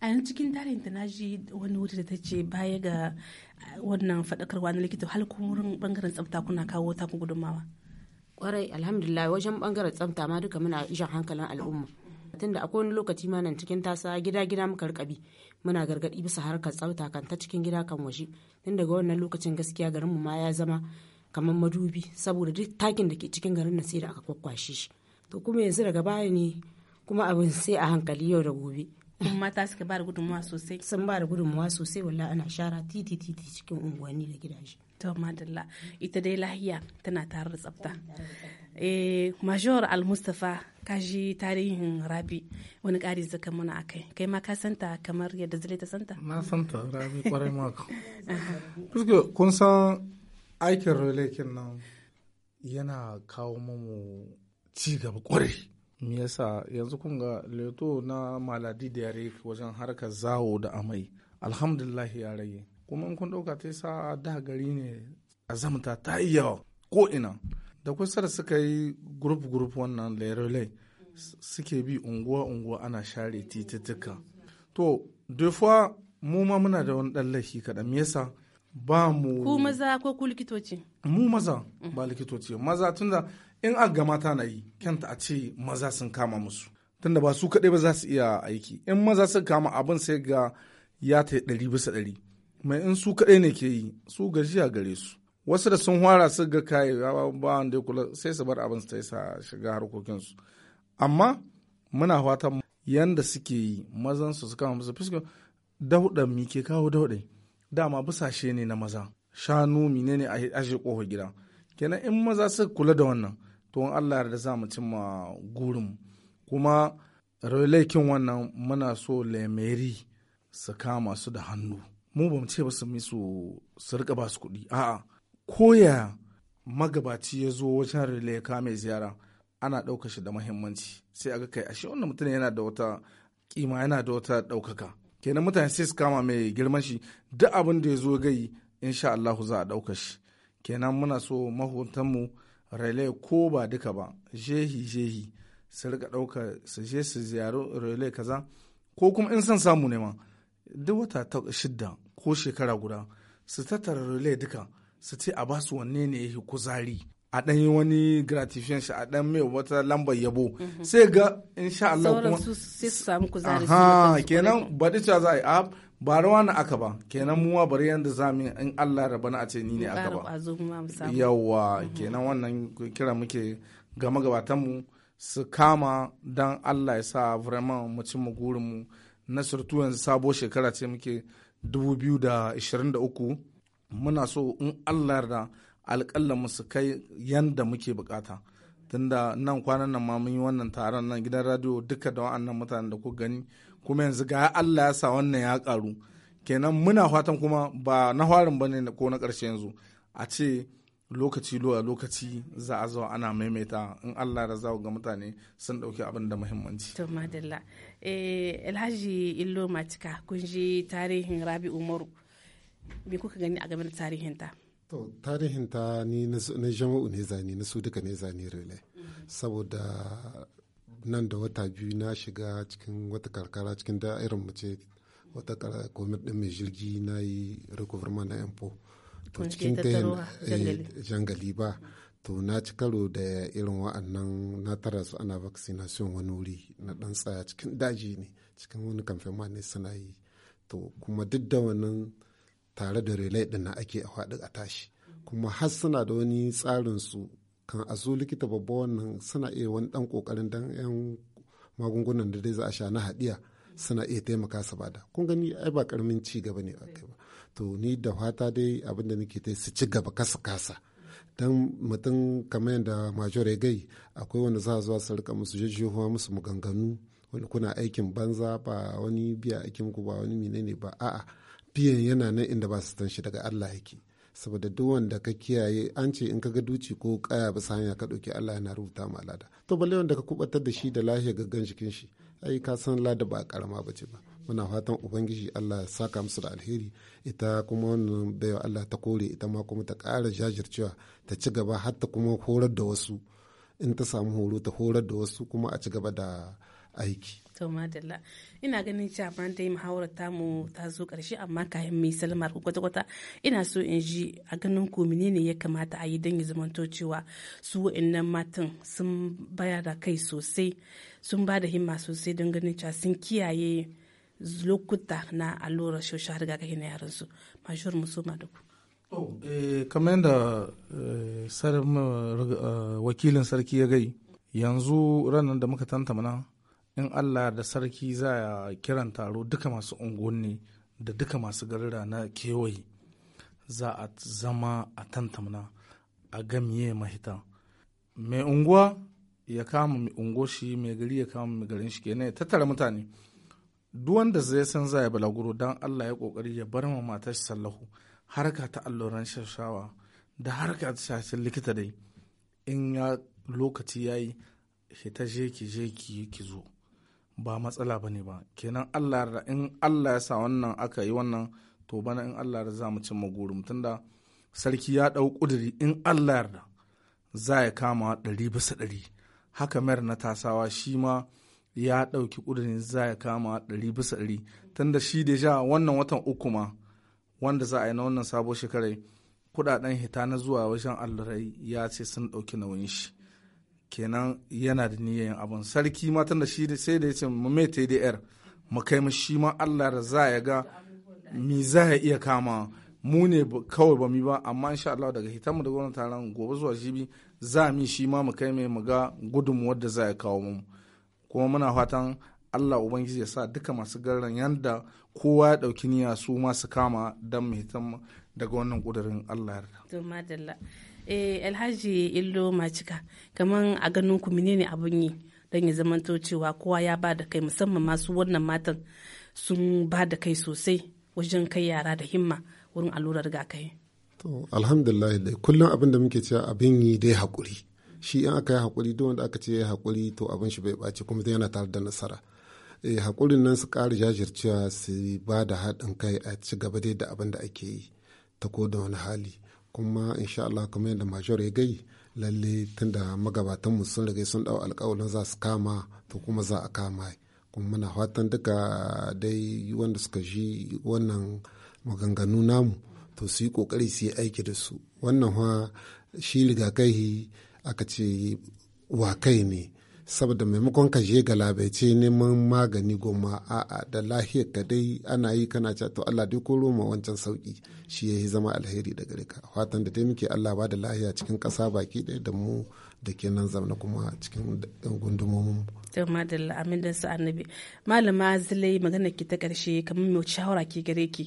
a yanzu cikin tarin ta naji wani wuta da ta ce baya ga ah, wannan faɗakarwa na likita hal wurin bangaren tsafta kuna kawo ta gudunmawa kwarai alhamdulillah wajen bangaren tsafta ma duka muna jan hankalin al'umma tunda akwai wani lokaci ma nan cikin tasa gida gida muka rika bi muna gargaɗi bisa harkar tsafta kan ta cikin gida kan waje tun daga wannan lokacin gaskiya garin mu ma ya zama kamar madubi saboda duk takin da ke cikin garin nan sai da aka kwakwashe shi to kuma yanzu daga baya ne kuma abin sai a hankali yau da gobe mata suka ba da gudunmuwa sosai sun ba da gudunmuwa sosai walla ana shara titi titi cikin unguwanni da gidaje to madalla ita dai lahiya tana tare da tsafta eh major al mustapha kaji tarihin rabi wani ƙari zaka mana a kai kai ma ka santa kamar yadda zai ta santa na santa rabi kwarai ka kuske kun san aikin relakin nan yana kawo mamu ci gaba kwarai me yasa yanzu kun ga leto na maladi da yare wajen harkar zawo da amai alhamdulillah ya rage kuma in kun ɗauka ta sa da gari ne azamta ta yi yawa ko ina da kusa da suka yi guruf-guruf wannan lairolai suke bi unguwa unguwa ana share titituka to defa mu ma muna da wani dan laifi kaɗan me yasa ba mu ku maza ko ku likitoci mu maza mm. ba likitoci maza tunda in aga mata na yi kyanta a ce maza sun kama musu tunda ba su kaɗai ba za su iya aiki in maza sun kama abin sai ga ya ta ɗari bisa ɗari mai in su kaɗai ne ke yi su gajiya gare su wasu da sun hwara su ga kayi ba wanda kula sai su bar abin su ta sa shiga harkokinsu amma muna fatan yanda suke yi mazan su suka musu fuska dauda mi ke kawo dauda dama busashe ne na maza shanu menene a shi kofar gida kenan in maza suka kula da wannan to in Allah da za mu cimma gurin kuma relaikin wannan muna so lemeri su kama su da hannu mu ba mu ce ba su misu su rika ba su kuɗi a'a koya magabaci ya zo wajen rileka mai ziyara ana ɗauka shi da mahimmanci sai aga kai ashe wannan mutum yana da wata kima yana da wata ɗaukaka kenan mutane sai su kama mai girman shi duk abin da ya zo gai insha Allahu za a ɗauka shi kenan muna so mu relay ko ba duka ba jehi jehi su rika ɗauka su je su ziyaru relay kaza ko kuma in son samu ne ma duk wata shidda ko shekara guda su tattara relay duka su ce a basu wanne ne yake kuzari a ɗan yi wani gratifiyan shi a ɗan mai wata lambar yabo mhm. sai ga insha Allah kuma sai su samu kuzari su kenan baɗi cewa za a yi a ba rawa na aka ba kenan muwa bari yadda za mu in Allah rabana a ce ni ne aka ba yawa mhm. kenan wannan kira muke ga mu su kama don Allah ya sa vraiment mu ci mu na surtu yanzu sabo shekara ce muke 2023 muna so in allah yarda alƙalla musu kai yanda muke bukata tunda nan kwanan nan ma mun yi wannan taron nan gidan radio duka da wa'annan mutanen da ku gani kuma yanzu ga allah ya sa wannan ya karu kenan muna fatan kuma ba na harin bane ne ko na ƙarshe yanzu a ce lokaci zuwa lokaci za a zo ana maimaita in Allah da za ga mutane sun ɗauki abin da muhimmanci. To madalla. Eh, Alhaji Illo Matika kun ji tarihin Rabi Umaru. me kuka gani a game da tarihinta to tarihinta ni na jama'u ne zane na su duka ne zane rele saboda nan da wata biyu na shiga cikin wata karkara cikin da mu ce wata komit din mai jirgi na yi recouvrement na info to cikin eh, jangali ba to na ci karo da irin wa'annan na tara su ana vaccination wani wuri na dan tsaya cikin daji ne cikin wani kamfen ma ne suna yi to kuma duk da wannan tare da relay din na ake a faɗi a tashi kuma har suna da wani tsarin su kan a zo likita babba wannan suna iya wani dan kokarin dan yan magungunan da dai za a sha na haɗiya suna iya taimaka su bada kun gani ai ba karamin ci gaba ne ba to ni da fata dai abin da nake ta su ci gaba kasa kasa dan mutum kamar yadda majore gai akwai wanda za zuwa su rika musu jajjewa musu maganganu wani kuna aikin banza ba wani biya aikin ku ba wani menene ba a'a biyan yana nan inda ba su san shi daga Allah yake saboda duk wanda ka kiyaye an ce in ka ga duci ko kaya bisa hanya ka ɗauki Allah yana rubuta ma lada to balle wanda ka kubatar da shi da lahiya gaggan jikin shi ai ka san lada ba karama bace ba muna fatan ubangiji Allah ya saka musu da alheri ita kuma wannan bayo Allah ta kore ita ma kuma ta ƙara jajircewa ta ci gaba har ta kuma horar da wasu in ta samu horo ta horar da wasu kuma a ci gaba da aiki to madalla ina ganin cewa ban dai muhawarar tamu ta zo karshe amma kayan mai salmar kwata kwata ina so in ji a ganin ku menene ya kamata a yi don ya zamanto cewa su wa'annan matan sun bayar da kai sosai sun ba da himma sosai don ganin cewa sun kiyaye lokuta na allurar shosha rigakafi na yaran su mashuwar musoma da ku eh, kamar yadda eh, eh, wakilin sarki ya gai yanzu ranar da muka tantamana in allah da sarki za a kiran taro duka masu unguwanni da duka masu garura na kewaye za a zama a tantamna a gamiye mahita mai unguwa ya kama mai shi mai gari ya kama mai garin shi kenan ya tattara mutane duk wanda zai san za ya balaguro don allah ya kokari ya bar ma matar shi sallahu harka ta alloran shashawa da harka ta shashin likita dai in ya lokaci ya yi shi ta je ki je ki zo ba matsala ba ne ba kenan allah in allah ya sa wannan aka yi wannan to bana in allah da za mu maguru mutum tunda sarki ya ɗau ƙuduri in allah yarda za ya kama ɗari bisa ɗari haka mayar na tasawa shi ma ya ɗauki kuduri za ya kama ɗari bisa ɗari tunda shi deja wannan watan uku ma wanda za a yi na wannan sabon shekarai kuɗaɗen hita na zuwa wajen allurai ya ce sun ɗauki nauyin shi kenan yana da niyyar abin sarki matan da shi sai da ya ce mu mai ta yar mu kai mu shi ma Allah da za ya ga mi za ya iya kama mu ne kawai ba mi ba amma insha Allah daga hitan mu da gwamnati taron gobe zuwa jibi za mi shi ma mu kai mai mu ga gudun da za ya kawo mu kuma muna fatan Allah Ubangiji ya sa duka masu garin yadda kowa ya ɗauki niyya su masu kama don mu hitan daga wannan ƙudurin Allah ya eh alhaji illo macika kaman a ganin ku menene abun yi don ya zamanto cewa kowa ya ba da kai musamman masu wannan matan sun ba da kai sosai wajen kai yara da himma wurin allurar rigakafi. to alhamdulillah dai kullum abin da muke cewa abin yi dai hakuri shi in aka yi hakuri duk wanda aka ce ya hakuri to abin shi bai ɓaci kuma zai yana tare da nasara e, eh, hakurin nan su ƙara jajircewa su ba da haɗin kai a ci gaba dai da abin da ake yi ta ko da wani hali kuma insha Allah kamar yadda major ya gai lalle tunda magabatan mu sun riga sun dau alƙawarin za su kama to kuma za a kama kuma muna fatan duka dai wanda suka ji wannan maganganu namu to su yi kokari su yi aiki da su wannan ha shi rigakahi aka ce wa kai ne saboda maimakon ka je labaice neman magani goma a'a da lahiyar ka dai ana yi kana cewa to Allah dai koro ma wancan sauki shi yayi zama alheri da gare ka fatan da dai muke Allah ba da lahiya cikin ƙasa baki ɗaya da mu da ke nan zamana kuma cikin gundumomin to madalla amin da annabi malama zilai magana ki ta karshe kamar mai shawara ki gare ki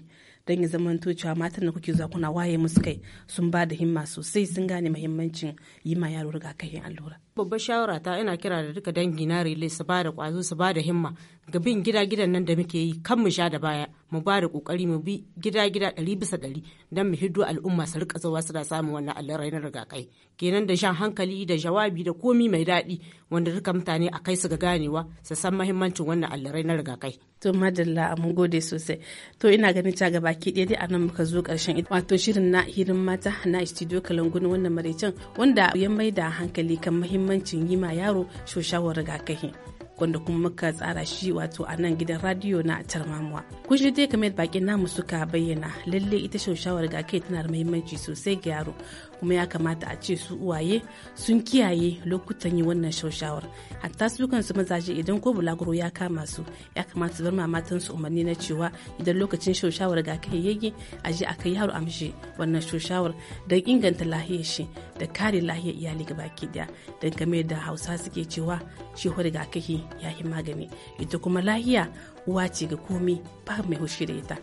don ya zama cewa matan da kuke zuwa kuna waye musu kai sun ba da himma sosai sun gane muhimmancin yi ma yaro rigakafin allura babbar shawara ta ina kira da duka dangi na rile su ba da kwazo su ba da himma ga bin gida gidan nan da muke yi kan mu sha da baya mu ba da kokari mu bi gida gida dari bisa ɗari don mu hiddo al'umma su rika zuwa su da samun wannan allurai na rigakai kenan da shan hankali da jawabi da komi mai daɗi wanda duka mutane a kai su ga ganewa su san mahimmancin wannan allurai na rigakai. to madalla mun gode sosai to ina ganin ta gaba ɗaya dai a nan muka zo ƙarshen wato shirin na hirin mata na studio kalangun wannan maraicin wanda ya mai da hankali kan mahimmanci muhimmancin yi ma yaro shoshawar rigakafi wanda kuma muka tsara shi wato a nan gidan radiyo na tarmamuwa kun shi dai kamar bakin namu suka bayyana lalle ita shoshawar rigakafi tana da mahimmanci sosai ga yaro kuma ya kamata a ce su uwaye sun kiyaye lokutan yi wannan shaushawar hatta su kansu mazaje idan ko bulaguro ya kama su ya kamata su bar matan su umarni na cewa idan lokacin shaushawar ga kai yayi a je a kai yaro amshi wannan shaushawar dan inganta lahiyar shi da kare lahiyar iyali gabaki daya dan game da hausa suke cewa shi rigakafi ya yi magani ita kuma lahiya uwa ce ga komi ba mai hushi da ita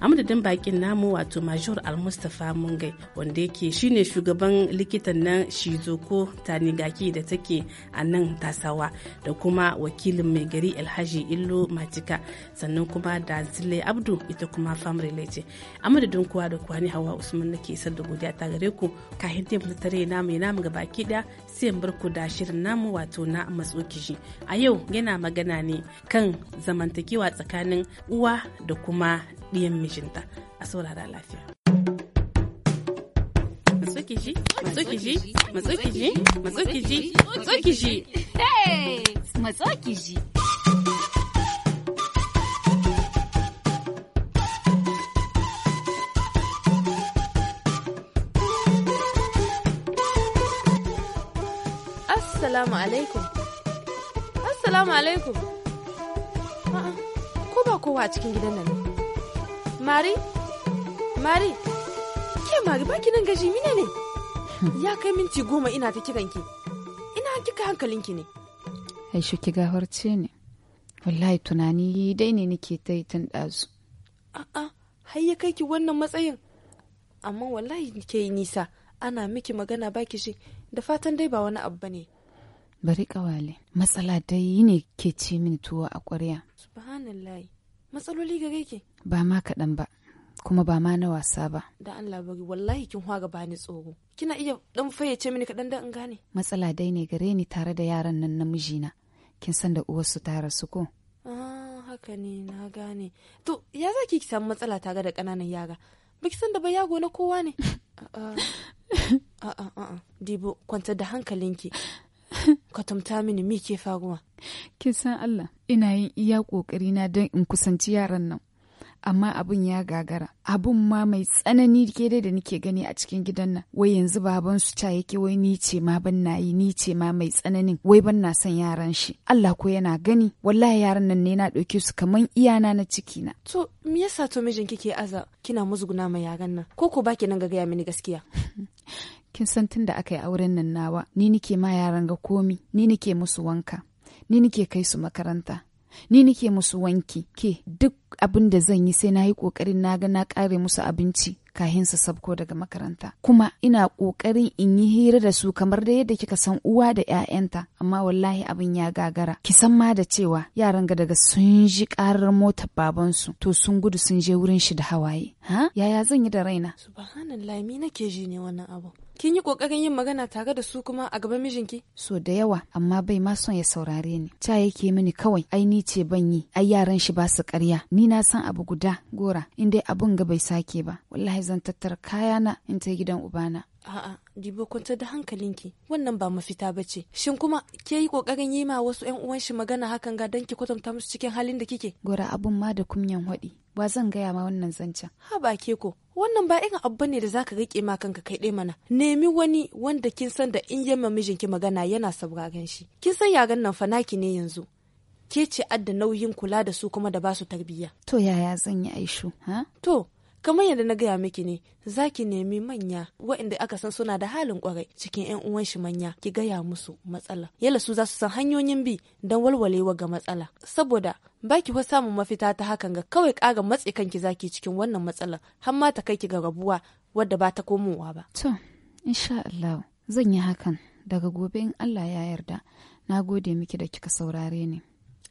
a madadin bakin namu wato major almustafa mungai wanda yake shine shugaban likitan nan shizoko tanigaki da take a nan tasawa da kuma wakilin mai gari alhaji illo matika sannan kuma da zile abdu ita kuma farm relate a madadin kuwa da kwani hawa usman nake sadda da godiya ta gare ku kahin tebur tare na mai namu ga baki daya sai barku da shirin namu wato na kishi A yau yana magana ne kan zamantakewa tsakanin uwa da kuma ɗiyan mijinta. A saurara lafiya. Matsokiji, matsokiji, matsokiji, matsokiji, matsokiji. Matsokiji. Assalamu alaikum. Assalamu alaikum. Ko ba kowa a cikin gidan nan? Mari? Mari? Ke Mari baki nan gaji mine ne? Ya kai minti goma ina ta kiran ki. Ina kika hankalinki ne. Ai shi kiga gafarce ne. Wallahi tunani dai ne nake ta yi tun ɗazu. A'a, har ya kai ki wannan matsayin. Amma wallahi ke yi nisa. ana miki magana baki shi da fatan dai ba wani abu bane bari kawale matsala dai ne ke ci mini tuwo a ƙwarya subhanallahi matsaloli gare ki ba ma kaɗan ba kuma ba ma na wasa ba da Allah bari wallahi kin hwa gaba ni tsoro kina iya dan fayyace mini kaɗan da in gane matsala dai ne gare ni tare da yaran nan na mijina kin san da uwarsu ta rasu ko ah haka ne na gane to ya za ki samu matsala ta ga da kananan yara ki san da ba yago na kowa ne a'a a'a dibo kwantar da hankalinki tamta mini me ke faruwa? Kin san Allah, ina yin iya ƙoƙarina na don in kusanci yaran nan. Amma abin ya gagara, abun ma mai tsanani ke dai da nike gani a cikin gidan nan. Wai yanzu baban su ca yake wai ni ce ma ban na yi, ni ce ma mai tsananin, wai ban na son yaran shi. Allah ko yana gani, wallahi yaran nan ne na ɗauke su kaman iyana na ciki na. To, me yasa to mijin kike aza kina musguna ma yaran nan? Ko ko baki nan ga gaya mini gaskiya? kin san tun da aka yi auren nan nawa ni nike ma yaran ga komi ni nike musu wanka ni nike kai su makaranta ni nike musu wanki ke duk abin da zan yi sai na yi ƙoƙarin na ga na kare musu abinci kahin su sabko daga makaranta kuma ina ƙoƙarin in yi hira da su kamar da yadda kika san uwa da 'ya'yanta amma wallahi abin ya gagara ki san ma da cewa yaran ga daga sun ji mota motar babansu to sun gudu sun je wurin shi da hawaye ha yaya zan yi da raina subhanallah me nake ji ne wannan abu kin yi kokarin yin magana tare da su kuma a gaban mijinki so da yawa amma bai ma son ya saurare ni ta yake mini kawai ai ni ce ban yi ai yaran shi ba su ƙarya ni na san abu guda gora in dai abun ga bai sake ba wallahi zan tattara kayana in ta gidan ubana a'a dibo kwanta da hankalinki wannan ba mafita ba ce shin kuma ke yi kokarin yi ma wasu yan uwan shi magana hakan ga dan ki kwatanta musu cikin halin da kike gora abun ma da kunyan hwaɗi ba zan gaya ma wannan zancen ha ba ke ko wannan ba irin abu ne da zaka rike ma kanka kai ɗaya mana nemi wani wanda kin san da in yamma mijinki magana yana sauraren shi kin san yaren nan fanaki ne yanzu ke ce adda nauyin kula da su kuma da basu tarbiyya to yaya zan yi aishu ha to kamar yadda na gaya miki ne za ki nemi manya waɗanda aka san suna da halin kwarai cikin 'yan uwan shi manya ki gaya musu matsala yala su za su san hanyoyin bi don walwalewa ga matsala saboda ba ki fa samun mafita ta hakan ga kawai ƙara matse kanki zaki cikin wannan matsalar har ma ta kai ki ga rabuwa wadda ba ta komowa ba to insha Allah zan yi hakan daga gobe in Allah ya yarda na gode miki da kika saurare ni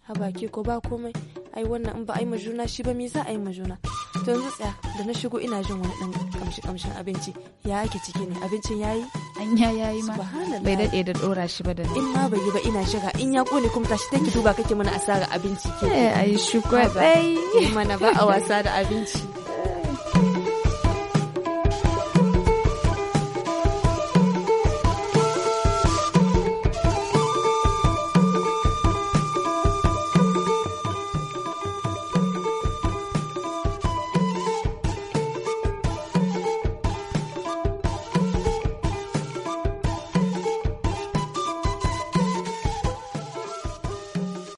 a baki ko ba komai ai wannan in ba ai ma juna shi ba me za a yi ma juna Tun yanzu tsaya da na shigo ina jin wani dan kamshi kamshin abinci ya ake ciki ne abincin yayi an ya yayi ma bai daɗe da dora shi ba da in ma bai yi ba ina shiga in ya kone kuma tashi take duba kake mana asara abinci ke eh, ai ayi dai mana ba a wasa da abinci